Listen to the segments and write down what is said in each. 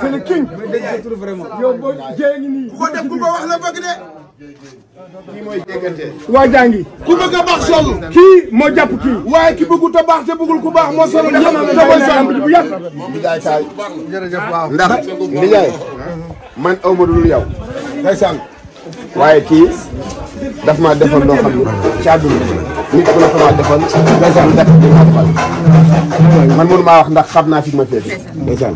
c'est le king. yow boo jee ngi nii. ku ko def ku ko wax la bëgg de. waa jàngi. ku bëgg a baax sol. kii moo jàpp kii. waaye ki bëggut a baax te bëggul ku baax moo sol. ñëpp da koy sol bu yàgg. jërëjëf waaw ndax. Ndiaye man aw ma dul yow. ngay sànq. waaye kii daf maa defal loo xam ne ci àdduna nit ku la ko maa defal ma defal man mënu maa wax ndax xam naa fi ma féete ndeysaan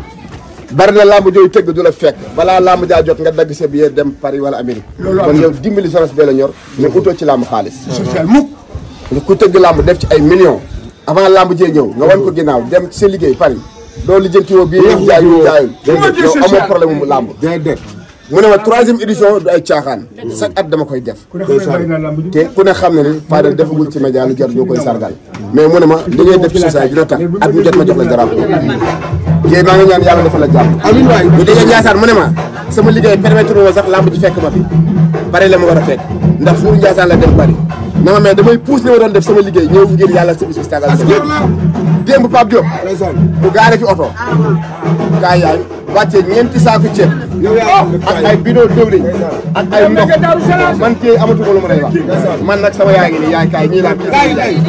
bari na làmb jooy tëgg du la fekk balaa làmb jaa jot nga dagg sa billet dem Paris wala Amérique kon yow dimbali soros bee la ñor mais ci làmb xaalis mukk ku tëgg làmb def ci ay millions avant làmb jee ñëw nga wan ko ginnaaw dem see liggéey Paris doo lijjanti woo bii jaayul jaayul yow amoo problème mu làmb mu ne ma troisième édition du ay caaxaan. chaque at dama koy def. te ku ne xam ne ni Fadel defagul ci média lu jar ñu koy sargal. mais mu ne ma li ngay def ci société dina at mu jot ma jox la drapeau. yéen maa ngi ñaan la jàmm. amiin waay bu déggee Ndiassane mu ne ma sama liggéey permettre woo sax làmb ji ma fi pare la ma a fekk ndax suñu Ndiassane la dem Paris. na ma mais damay pousse li ma doon def sama liggéey ñëw ngir yàlla sa bis bi tàggal sa démb Pape Diop bu gaare fi oto gaa ah, ah. yaay wàccee ñeenti saaku ceeb ak ay bidon dëwlin ak ay ndox man kii amatuma lu ma lay wax man nag sama yaa ngi nii yaay kaay ñii laa kii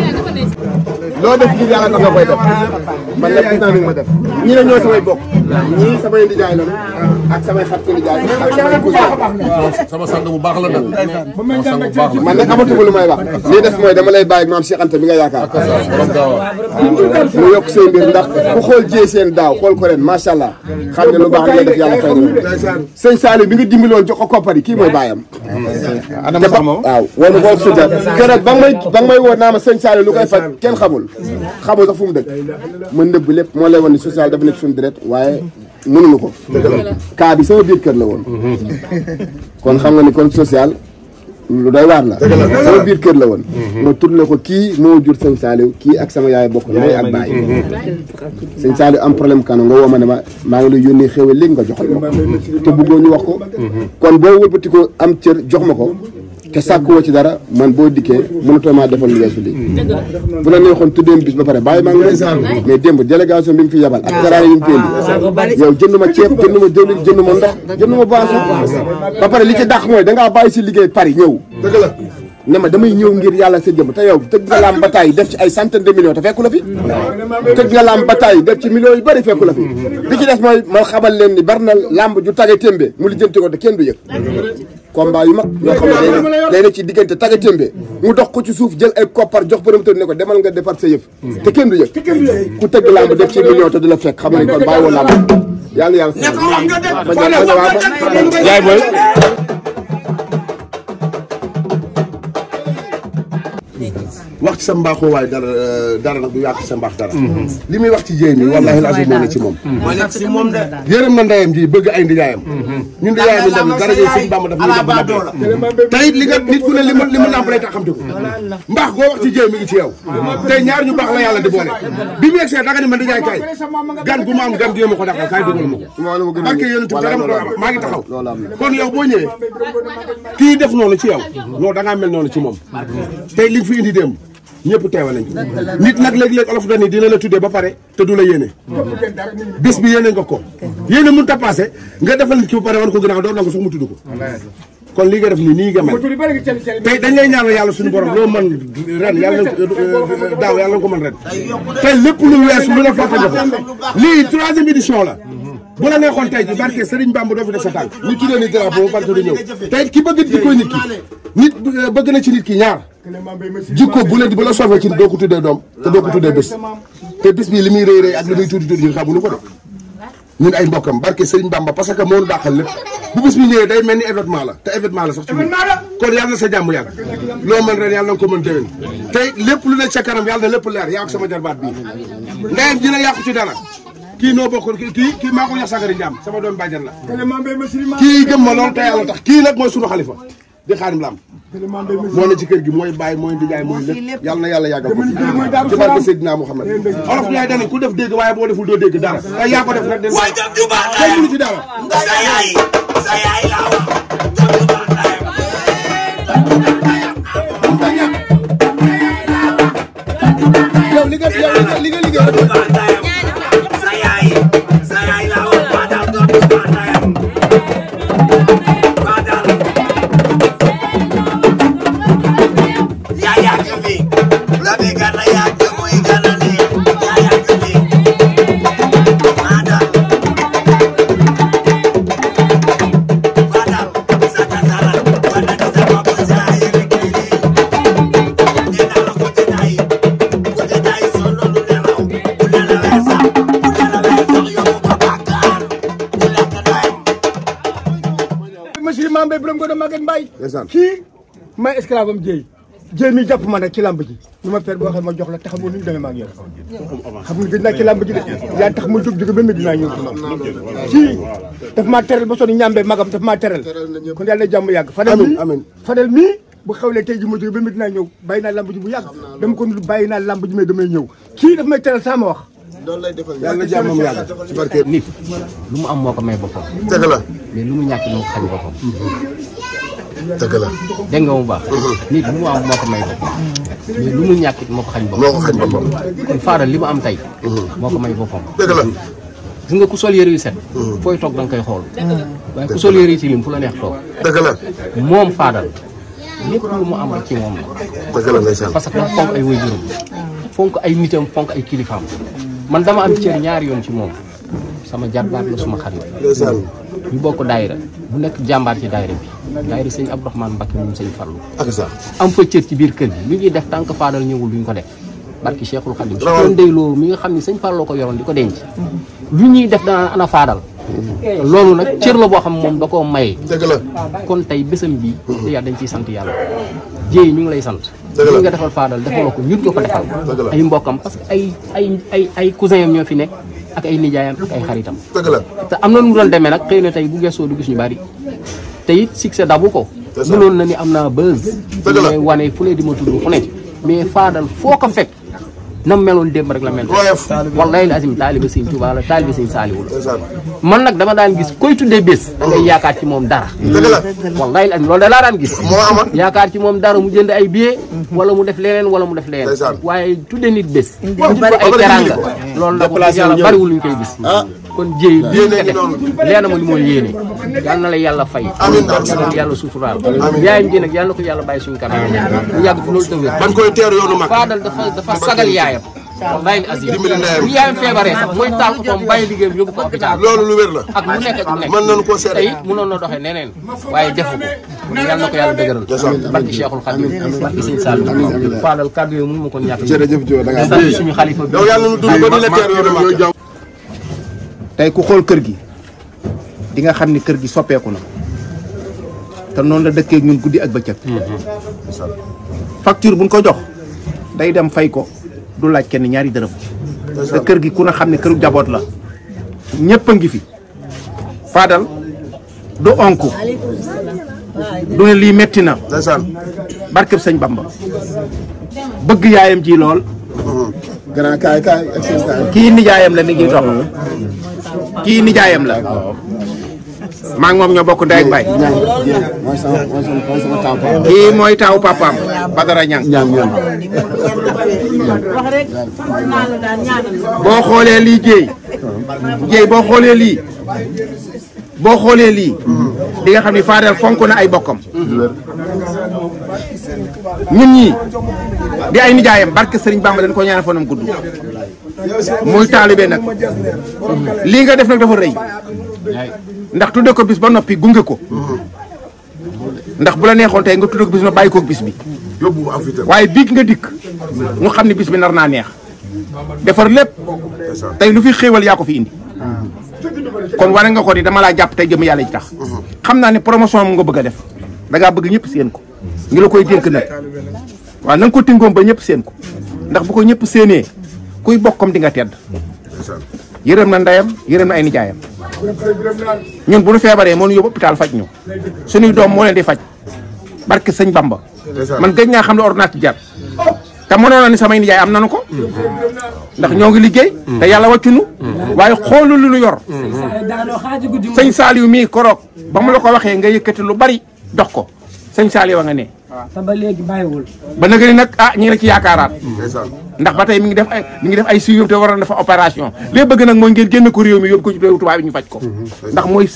loo def ci yàlla tax nga koy def man nag gis naa ni ma def ñi la ñooy samay bokk. ñii samay ndijaay lan ak samay xarit ak samay cousin. sama sang bu baax la nag. sama sang bu baax la man nag amatuma lu may wax. lii des mooy dama lay bàyyi maam Cheikh Anta bi nga yaakaar. mu yokk seen ndax ku xool jiyee seen daaw xool ko ren macha allah xam ne lu baax ngay def yàlla bi nga dimbiloon jox ko koppar yi kii mooy bàyyam. adama sax moom waaw woo ma boobu suñu woo naa ma sëñ Saliou lu koy faj kenn xamul xamul sax mu dëkk ma nëbb lépp moo lay wan social dafa nekk suñu direct waaye mënuñu ko cas bi sama biir kër la woon kon xam nga ni kon social lu doy waar la sama biir kër la woon ma tourné ko kii moo jur sëñ Saliou kii ak sama yaay bokk ndey ak baay sëñ Saliou am problème kano nga woo ma ne ma maa ngi lay yónnee xéwal léegi nga joxal ma ko te bëggoo ñu wax ko kon boo wëlbati ko am cër jox ma te sàkkuwoo ci dara man boo dikkee mënatoo maa defal lu weesu lii bu la neexoon tuddee bis ba pare bàyyi maa ngi mais démb délégation bi mu fi yabal ak teraanga yi mu fi ah. yow jënd ma ceeb jënd ma jënd ma ndox jënd ma boisson ba pare li ci dàq mooy dangaa bàyyi si liggéey Paris ñëw ne ma damay ñëw ngir yàlla sa jëm te yow tëj nga laam bataay def ci ay centaine de millions te fekku la fi tëj nga laam bataay def ci millions yu bëri fekku la fi bi ci des mooy ma xamal leen ni bari na làmb ju tage témbe mu lijjanti ko te kenn du yëg combat yu mag yoo ci diggante tage témbe mu dox ko ci suuf jël ay koppar jox promoteur ne ko demal nga defar sa yëf te kenn du yëg ku tëgg laamb def ci millions te du la fekk xam ne kon bàyyi yàlla yàlla sa yaay booy wax ci sa mbaaxoo waaye dara euh, dara nag du yàq sa mbaax dara mhm. li muy wax ci jéy mi wallaahi laazim moo a ci moom mhm. yërëm na ndeyam ji bëgg ay ndijaayam mhm. ñun ndijaayam ndam dara yow suñu bàmba daf ñu dab nappe tey it li nga nit ku ne li mu mbaax goo wax ci mi ngi ci yow tey ñaar ñu baax la yàlla di boole bi mu yegsee danga ni ma ndijaay kaay gan gu ma gan gi ma ko ko parce que yéen itam dara maa ngi taxaw def noonu ci yow loolu dangaa mel noonu ci moom tey li fi indi démb ñëpp teewal nañ ko nit nag léeg-léeg olof dani dina la tuddee ba pare te du la yéene bis bi yéene nga ko yéene mun ta passé nga defal nit ki ba pare wan ko gënaaw doo nangu sax mu tudd ko kon li nga def nii nii nga mel tey dañ lay ñaanal yàlla suñu borom loo mën ren yàlla euh, euh, daaw ko mën ren tey lépp lu weesu lu la fàttali ko lii troisième édition la bu la neexoon tey ji barke Serigne Bamba doo fi def sa tànk ñu tuddee ni drapeau barke du ñëw tey ki bëgg jikko nit ki nit euh, bëgg na ci nit ki ñaar jikko bu la bu la soofee ci doo ko tuddee doom te doo ko tuddee bés te bés bi li muy rëy rëy ak li muy tuuti tuuti ñun xamuñu ko de ñun ay mbokkam Bamba parce que moo nu dàqal lépp bu mel ni événement la te événement la ko mën déwén tey lépp lu ne ca kanam yàlla na lépp leer yaa ak sama jarbaat bii ndeyam dina yàqu ci dara kii noo bokkul kii kii maa ko jox sagari njaam sama doom bàjjan la kii gëm lool te yàlla tax kii nag mooy sunu xalifa di xaarim laam moo ne ci kër gi mooy bàyyi mooy ndijaay mooy lépp yàlla na yàlla yàggal ko ci barke Seydina Muhammad olof ñaay dana ku def dégg waaye boo deful doo dégg dara ay yaa ko def nag den kenn mënu ci dara sa yaay sa yaay laa wax yow li nga yow li nga kii may esclave am jéy jéy mi jàpp ma nag ci làmb ji ñu ma per boo xam ma jox la taxamoo nu ñu demee xam nga gëj naa ci làmb ji tax ma jóg jóge ba Medina ñëw kii daf maa teral ba sonni ñàmbe magam daf maa teral kon yàlla na jàmm yàgg fadel mii fadel mii bu xewlee tey ji ma jóge ba Medina ñëw bàyyi naa làmb ji bu yàgg dama ko nulu bàyyi naa làmb ji mais damay ñëw kii daf may teral saa ma wax loolu lay defal yàlla jàmmam yàlla ci barke nit lu mu am moo ko may boppam dëgg la mais mu ñàkk moo ko boppam mm-hmm. dëgg la dégg nga mu baax. nit lu mu am moo ko may boppam. mais lu mu ñàkk moo ko xañ boppam. kon Fadal li mu am tey. moo ko may boppam. dëgg la. gis nga yu set. Mm. fooy toog da nga koy xool. waaye ku sol yëre la neex toog. moom Fadal lépp lu mu am ci moom la. dëgg la ndeysaan parce que dafa fonk ay waajuram fonk ay nitam fonk ay kilifaam man dama am cër ñaari yoon ci moom. sama jarbaat la suma xarit ñu bokk daayira bu nekk jàmbaar ci daayira bi daayira sëñ Abdourahmane Mbacke moom sëñ Fallou ak sax am fa cër ci biir kër gi lu ñuy def tànk faadal ñëwul duñ ko def barki Cheikhul Khadim su doon mi nga xam ne sëñ Fallou ko di ko denc lu ñuy def danaan ana faadal loolu nag cër la boo xam moom da koo maye dëgg la kon tey bésam bi hmm. yàlla dañ ciy sant yàlla jéey ñu ngi lay sant ñu nga defal faadal defaloo ko ñun nga ko defal ay mbokkam parce ay ay ay cousin yam ñoo fi nekk ak ay nijaayam ak ay xaritam. te am na nu mu doon demee nag xëy na tey bu gëstoo du gis ñu bari te it succès dabu ko. mënoon na ni am naa buzz. dëgg la wane fu ne di ma tudd fu ne mais faadal foo ko fekk. nam meloon démb rek la mel. wallahi la azim taaliba sëñ Tuubaa la taaliba sëñ Saaliwu gis koy tuddee bés da ngay yaakaar wallahi la loolu da laa daan gis yaakaar ci moom dara mu jënd ay billet mhm. wala mu def leneen wala mu def leneen waaye tuddee nit bés mu tudd ay teranga loolu nag wax yàlla bariwul luñ koy gis ah. kon jéy bi nga def leena ma li mooy yéene na la yalla fay yal na yàlla suturaal yaayam ji nag yal na ko yàlla bàyyi suñu kanam mu yàgg fi loolu tëwér ban koy teeru yoonu mag faadal wallaay asi dimbali ndeyam yaayam feebaree sax muy taal otoom ko hôpital loolu ak mu nekk ak mu koo seede tey doxee neneen waaye defu ko yàlla na ko yàlla dëgëral barki Cheikhul Khadim barki Sëñ Saliou faalal ko ñàkk jërëjëf Dio da nga sant suñu xalifa bi yow yàlla nu dund ba ku xool kër gi di nga xam ni kër gi soppeeku na te noonu la dëkkee ñun guddi ak bëccëg mm-hmm. facture buñ ko jox day dem fay ko du laaj kenn ñaari dërëm. te kër gi ku ne xam ne këru jaboot la. ñëpp a ngi fi. Fadal du onku du ne metti na. barkeb sëñ Bamba. bëgg yaayam ji lool. Mm-hmm. grand kaay la mi ngi toog kii nijaayam la. maa ngi ñoo bokk ndey ak baay. kii mooy taaw papaam Badara Ñang boo xoolee lii Dieye Dieye boo xoolee lii boo xoolee lii di nga xam ni Fadel fonk na ay bokkam ñun ñii di ay nijaayam barke Sëriñ Bamba leen ko ñaanal fanam gudd muy taalibe nag lii nga def nag dafa rëy ndax tudde ko bis ba noppi gunge ko ndax bu la neexoon tey nga tudd ko bis ma bàyyi koog bis bi waaye biig nga dikk mu xam ne bis bi nar naa neex defar lépp tey lu fi xéewal yaa ko fi indi ah. kon wane nga ko ni dama laa jàpp te jëm yàlla ji tax uh-huh. xam naa ne promotion mu nga bëgg a def dangaa bëgg ñëpp seen ko ngi la koy dénk nag waa na ko tingoom ba ñëpp seen ko ndax bu ko ñëpp séenee kuy bokkam di nga tedd yërëm na ndeyam yërëm na ay nijaayam ñun bu ñu feebaree moo ñu yóbbu hôpital faj ñu suñuy doom moo leen di faj barke sañ Bamba man gëj ngaa xam ne ordonnance jar te mënoon na ni samay nijaay am nañu ko ndax ñoo ngi liggéey te yàlla wàccunu waaye xoolu lu ñu yor sëñ Saliou mii koroog ba mu la ko waxee nga yëkkati lu bari dox ko sëñ Saliou a nga ne te ba léegi bàyyiwul. ba nag a nag ah ñu ci yaakaaraat. ndax ba tey mi ngi def ay mi ngi def ay suivi te waroon dafa opération. léegi bëgg nag mooy ngeen génn ko réew mi yóbbu ko ci réew tubaab yi ñu mm-hmm. mooy mm.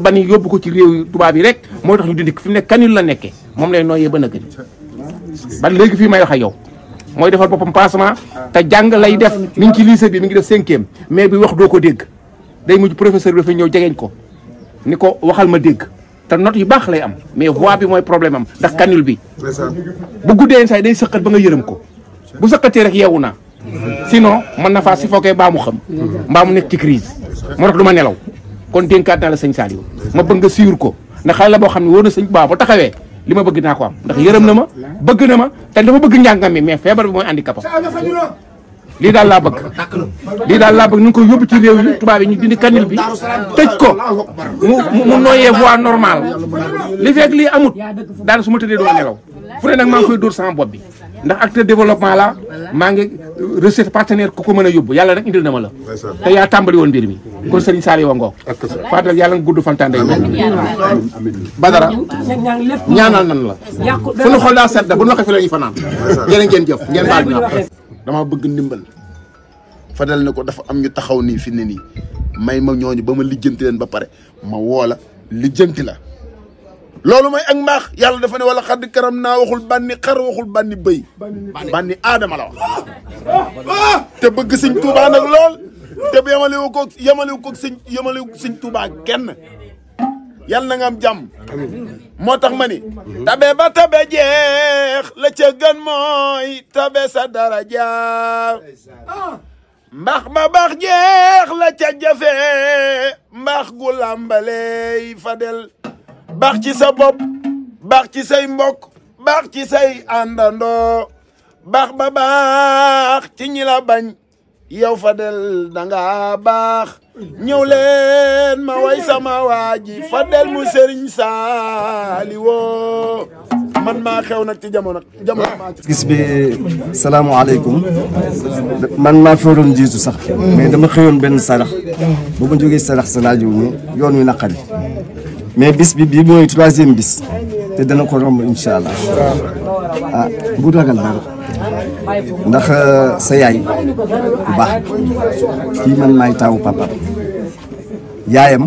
ba ni yóbbu ko ci tubaab yi rek moo tax ñu dindi fi mu ne kanil la nekkee moom lay nooyee ba nag ni ba léegi fii may wax ak yow. mooy defal boppam passement te jàng lay def mi ngi ci lycée bi mi ngi def cinquième mais bi wax doo ko dégg day mujj professeur bi dafa ñëw jegeñ ko ni ko waxal ma dégg te note yu baax lay am mais voix bi mooy problème am ndax canule bi. bu guddee say day sëqat ba nga yërëm ko bu sëqatee rek yeewu naa. sinon mën na faa si fokkee baa mu xam. mbaa mu nekk ci crise moo tax du ma nelaw kon dénkaat naa la sëñ Saliou ma bëgg nga suivre ko ndax xale la boo xam ne wóor na sëñ baa bu taxawee li ma bëgg naa ko am ndax yërëm na ma bëgg na ma te dafa bëgg njàngam mi mais feebar bi mooy handicapam. lii daal laa bëgg lii daal laa bëgg ñu ngi ko yóbbu ci réew ñu dindi kanil bi tëj ko mu mu nooyee voie normale li fekk lii amut daana su ma tëddee doo nelaw fu ne maa ngi koy dóor sama bopp bi ndax acteur développement la maa ngi recette partenaire ku ko mën a yóbbu yàlla rek indil na ma la te yaa tàmbali woon mbir mi kon sëriñ Saali wa ngoog Fadal yàlla nga gudd fantaan day Badara ñaanal nan la fu nu xool daa sedd bu nu waxee fi la ñuy fanaan jërë ngeen dama bëgg ndimbal Fadel ne ko dafa am ñu taxaw nii fi ne nii may ma ñooñu ba ma lijjanti leen ba pare ma woola lijjanti la loolu mooy ak mbaax yàlla dafa ne wala xadd karam naa waxul bànni xar waxul bànni bëy bànni aadama la ah! Ah! Ah! te bëgg sëñ Tuubaa nag lool te yemalewu ko yemalewu ko sëñ Tuubaa kenn yàlla na nga jàmm moo tax ma ni tabe ba tabe jeex la ca gën mooy tabe sa dara jaar ba baax jeex la ca jafe mbaax gu làmbaley fadel baax ci sa bop baax ci say mbokk baax ci say àndandoo baax ba baax ci ñi bañ yow Fadel da baax ñëw leen ma way sama waaji Fadel mu Serigne Saliou man maa xew nag ci jamono jamono gis bi salaamaaleykum man maa feeroon jiitu sax mais dama xëyoon benn sarax ba ma jógee sarax sa laajow ñu yoon wi naqari mais bis bi bii mooy troisième bis te dana ko romb incha allah ah ragal dara ndax euh, sa yaay bu baax kii man maay taawu papa yaayam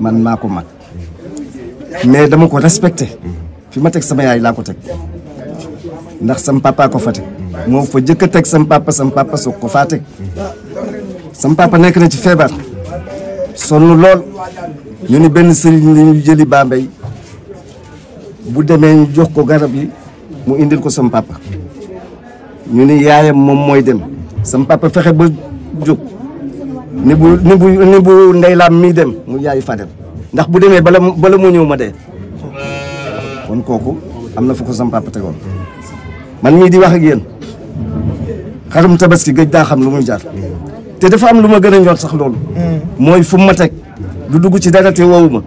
man maa ko mag mais dama ko respecté fi ma teg sama yaay laa ko teg ndax sam papa ko fa teg moo fa jëkk a teg sam papa sam papa soog ko faa teg sam papa nekk na ci feebar sonn lool ñu ni benn sëriñ li ñu jëli Bambey bu demee ñu jox ko garab yi mu indil ko sam papa ñu ni yaayam moom mooy dem sam fexe ba jóg ni bu ni bu ni bu ndey dem mu yaay fa ndax bu demee bala bala mu ñëw ma dee kon kooku am na fu ko tegoon man mi di wax ak yéen xarum tabaski gëj daa lu muy jaar te dafa am lu ma gën a ñor sax loolu mooy fu ma teg du dugg ci dara te woowu ma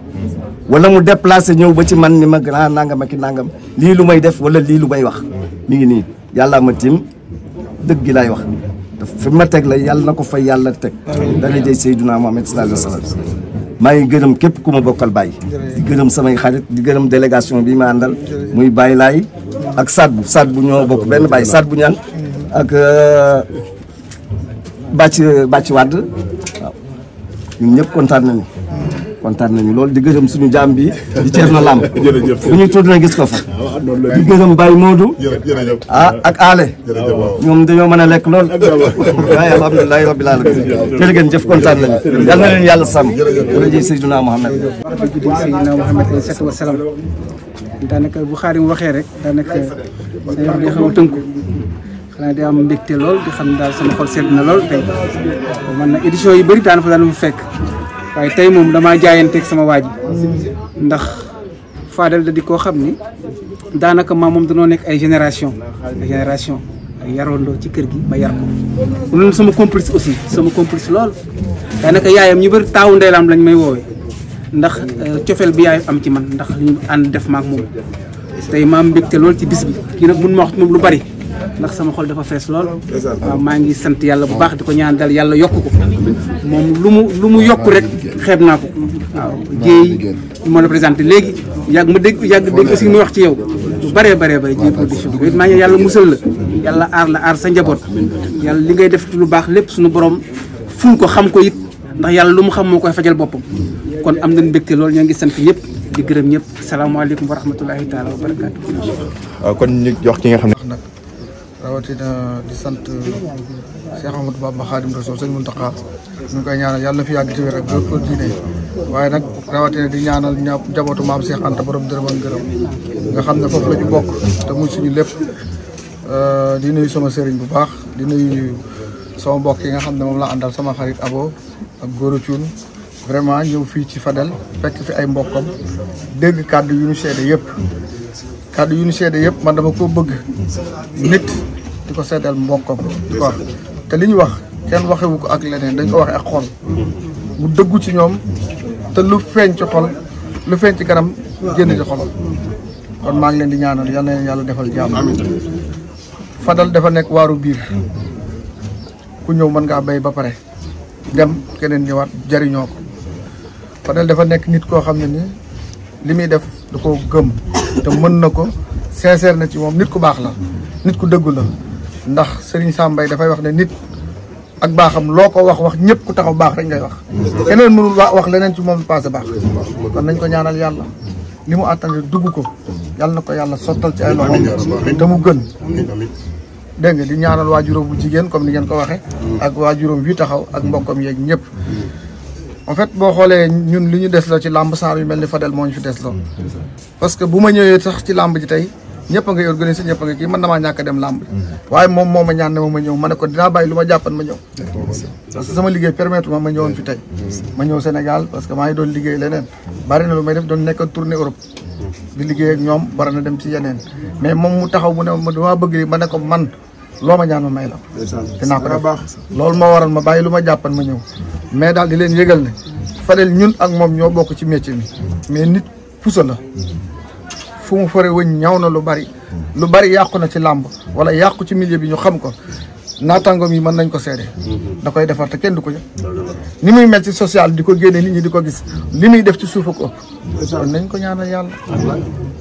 wala mu déplacé ñëw ba ci man ni ma grand nangam ak nangam lii lu may def wala lii lu may wax mi ngi nii yàllaa ma tiim dëgg gi laay wax fi ma teg la yàlla na ko fa yàlla teg dara jëy Seydina Muhammad sallallahu alayhi wasallam maa ngi gërëm képp ku ma bokkal Baye di gërëm samay xarit di gërëm délégation bi ma àndal muy bàyyi Laay ak saat bu saat bu ñoo bokk benn Baye saat bu ñaan ak euh, bàcc bàcc wàdd waaw ñun ñëpp kontaan nañu kontaan nañu loolu di gërëm suñu jaam bi di na Lam bu ñu tudd na gis ko fa ah, ah, di gërëm Baye Modou ah ak Ale ñoom dañoo mën a lekk lool waaye alhamdulilahi rabbil alamin jërë ngeen jëf kontaan nañu yal na leen yàlla sàmm jërëjëf Seydina Mouhamed judi Seydina Mouhamed alayhi salaatu wa salaam daanaka bu xaarim waxee rek daanaka day xaw a tënku xanaa day am mbégte lool di xam daal sama xol sedd na lool tey man na édition yu bëri daan fa daan fa fekk waaye tey moom damaa jaayanteeg sama waa ji ndax Fadel da di koo xam ni daanaka maam moom danoo nekk ay génération ay génération yaroondoo ci kër gi ma yar ko loolu sama complice aussi sama complice lool daanaka yaayam ñu bëri taawu ndeylaam lañ may woowee ndax euh, cofeel bi yaayam am ci man ndax li ñu ànd def maak moom tey maam mbégte lool ci bis bi kii nag mun ma wax moom lu bari ndax sama xol dafa fees lool waaw maa ngi sant yàlla bu baax di ko ñaan dal yàlla yokk ko moom lu mu lu mu yokk rek xeeb naa ko waaw jéey ma la présenté léegi yàgg ma dégg yàgg dégg aussi mu wax ci yow lu bëree bëree bëri jéey production bi maa ngi yàlla musal la yàlla aar la aar sa njaboot yàlla li ngay def lu baax lépp suñu borom ful ko xam ko it ndax yàlla lu mu xam moo koy fajal bopp kon am nañ mbégte loolu ñaa ngi sant ñëpp di gërëm ñëpp salaamaaleykum wa rahmatulahi rawatina di sant Cheikh Amadou Bamba Khadim Rasoul sëñ Mountakha ñu ngi koy ñaanal yàlla na fi yàgg ci wér ak ko diine waaye nag rawatina di ñaanal njabootu maam Cheikh Anta borom dërëm ak ngërëm nga xam ne foofu la ñu bokk te muy suñu lépp euh, di nuyu sama sëriñ bu baax di nuyu sama mbokk yi nga xam ne moom la àndal sama xarit Abo a Gora Thioune vraiment ñëw fii ci Fadel fekk fi ay mbokkam dégg kàddu yu ñu seede yëpp kàddu yu ñu seede yëpp man dama ko bëgg nit di ko seetal mbokkam di ko wax te li ñu wax kenn waxewu ko ak leneen dañ ko waxee ak xol mu dëggu ci ñoom te lu feeñ ci xol lu feeñ ci kanam génn ci xol kon maa ngi leen di ñaanal yal na leen yàlla defal jàmm fadal dafa nekk waaru biir ku ñëw mën ngaa bay ba pare dem keneen ñëwaat jariñoo ko fadal dafa nekk nit koo xam ne ni li muy def da ko gëm te mën na ko sincère na ci moom nit ku baax la nit ku dëggu la ndax Serigne sàmbay dafay wax ne nit ak baaxam loo ko wax wax ñëpp ku taxaw baax rek ngay wax. keneen mënul wax leneen ci moom lu paase baax. kon nañ ko ñaanal yàlla li mu àttan dugg ko yàlla na ko yàlla sottal ci ay loxoom te mu gën. dégg nga di ñaanal waajuróom bu jigéen comme ni ngeen ko waxee. ak waajuróom yu taxaw ak mbokkam yeeg ñëpp. en fait boo xoolee ñun li ñu des la ci làmb saar yu mel ni Fadel moo ñu fi des la parce que bu ma ñëwee sax ci làmb ji tey. ñëpp a ngay organisé ñëpp a nga kii man damaa ñàkk a dem làmb waaye moom moo a ñaan ne ma ma ñëw ma ne ko dinaa bàyyi lu ma jàppan ma ñëw parce sama liggéey permettre ma ma ñëwoon tey ma ñëw Sénégal que maa ngi doon liggéey leneen bari na lu may def doon nekk tournée Europe liggéey ak ñoom bari na dem ci yeneen mais moom mu taxaw mu ne ma damaa bëgg li ma ne ko man loo ma ñaan ma may la dinaa ko def loolu moo waral ma bàyyi lu ma jàppan ma ñëw mais daal di leen yëgal ne Fadel ñun ak moom ñoo bokk ci métier mi mais nit puso la fu mu fore wëñ ñaw na lu bari lu bari yàqu na ci làmb wala yàqu ci milieu bi ñu xam ko naataangoom yi mën nañ ko seede da koy defar te kenn du ko yëg ni muy mel ci social di ko génne nit ñi di ko gis li muy def ci suuf ak ëpp kon nañ ko ñaanal yàlla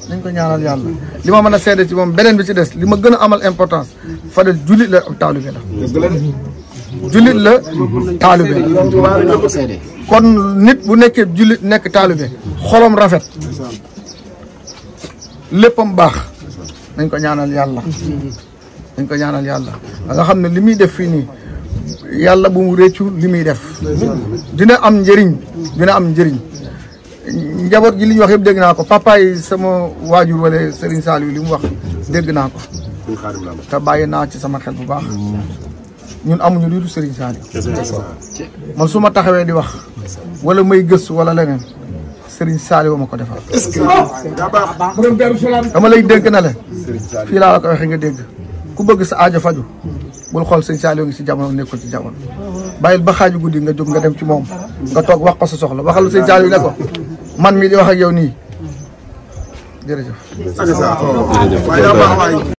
nañ ko ñaanal yàlla li ma mën a seede ci moom beneen bi ci des li ma gën a amal importance Fadel jullit la ab taalibe la jullit la taalibe la kon nit bu nekkee jullit nekk taalibe xolom rafet léppam baax dañ ko ñaanal yàlla dañ ko ñaanal yàlla ba nga xam ne li muy def fii nii yàlla bu mu réccu li muy def dina am njëriñ dina am njëriñ njaboot ji li ñu wax yëpp dégg naa ko papa yi sama waajur wala Serigne Saliou li mu wax dégg naa ko te bàyyi naa ci sama xel bu baax ñun amuñu lu dul Serigne Saliou man su ma taxawee di wax wala may gëstu wala leneen Serigne Saliou ma ko defal. est-ce que. Ah, dama lay dégg na la. fii laa la ko waxee nga dégg. ku bëgg sa aajo faju bul xool sëñ Saliou ngi si jamono nekkul ci jamono. bàyyil ba xaaju guddi nga jóg nga dem ci moom. nga toog wax ko sa soxla waxal sëñ Saliou ne ko man mii di wax ak yow nii